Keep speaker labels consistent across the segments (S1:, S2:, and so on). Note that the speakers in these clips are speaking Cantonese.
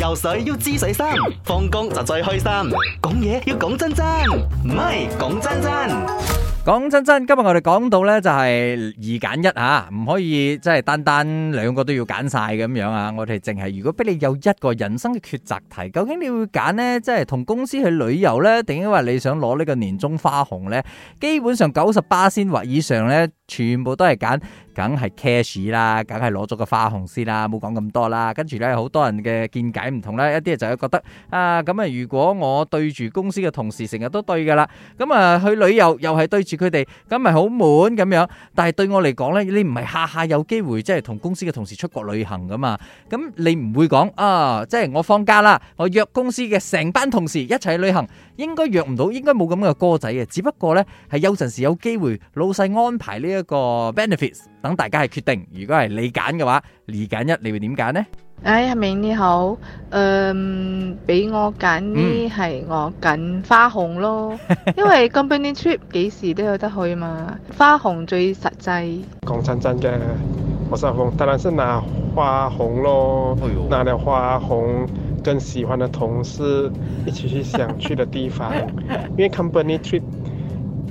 S1: 游水要知水深，放工就最開心。講嘢要講真真，唔係講真真，講真真。今日我哋講到呢就係二揀一吓，唔可以即係單單兩個都要揀晒咁樣啊！我哋淨係如果俾你有一個人生嘅抉擇題，究竟你會揀呢？即係同公司去旅遊呢？定因為你想攞呢個年終花紅呢？基本上九十八先或以上呢，全部都係揀。梗係 cash 啦，梗係攞咗個花紅先啦，冇講咁多啦。跟住呢，好多人嘅見解唔同啦，一啲就係覺得啊，咁啊，如果我對住公司嘅同事成日都對噶啦，咁啊去旅遊又係對住佢哋，咁咪好悶咁樣。但係對我嚟講呢，你唔係下下有機會，即係同公司嘅同事出國旅行噶嘛。咁你唔會講啊，即係我放假啦，我約公司嘅成班同事一齊旅行，應該約唔到，應該冇咁嘅歌仔嘅。只不過呢，係有陣時有機會，老細安排呢一個 benefits。等大家係決定，如果係你揀嘅話，你揀一你會點揀呢？哎，阿明
S2: 你好，嗯、呃，俾我揀呢係我揀花紅咯，嗯、 因為 company trip 幾時都有得去嘛，花紅最實際。講真真嘅，我是阿峰，當然是拿花紅咯。哎，拿了花紅跟喜歡的同事一起去想去的地方，
S1: 因為 company trip。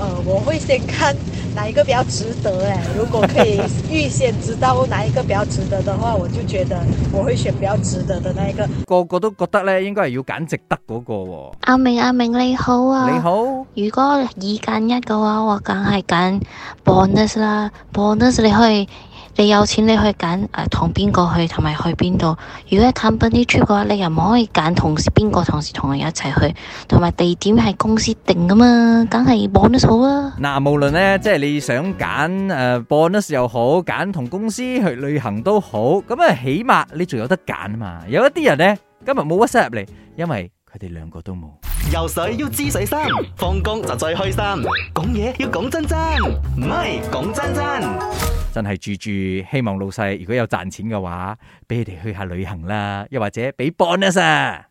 S2: 誒、呃，我會先看哪一個比較值得
S3: 誒。如果可以預先知道哪一個比較值得的話，我就覺得我會選比較
S1: 值得的那一個。個個都覺得咧，應該係要揀值得嗰個、哦。
S3: 阿、啊、明阿、啊、明你好啊，你好。如果二揀一嘅話，我梗係揀 bonus 啦，bonus 你可以。你有錢，你去揀誒，同邊個去，同埋去邊度？如果係 company trip 嘅話，你又唔可以揀同邊個同時同時人一齊去，同埋地點係公司定噶嘛，梗係 bonus 好啊！
S1: 嗱、啊，無論咧，即係你想揀誒，bonus 又好，揀同公司去旅行都好，咁啊，起碼你仲有得揀啊嘛。有一啲人咧，今日冇 WhatsApp 入嚟，因為佢哋兩個都冇。游水要知水深，放工就最開心。講嘢要講真真，唔係講真真。真係住住，希望老細如果有賺錢嘅話，俾佢哋去下旅行啦，又或者俾 bonus 啊！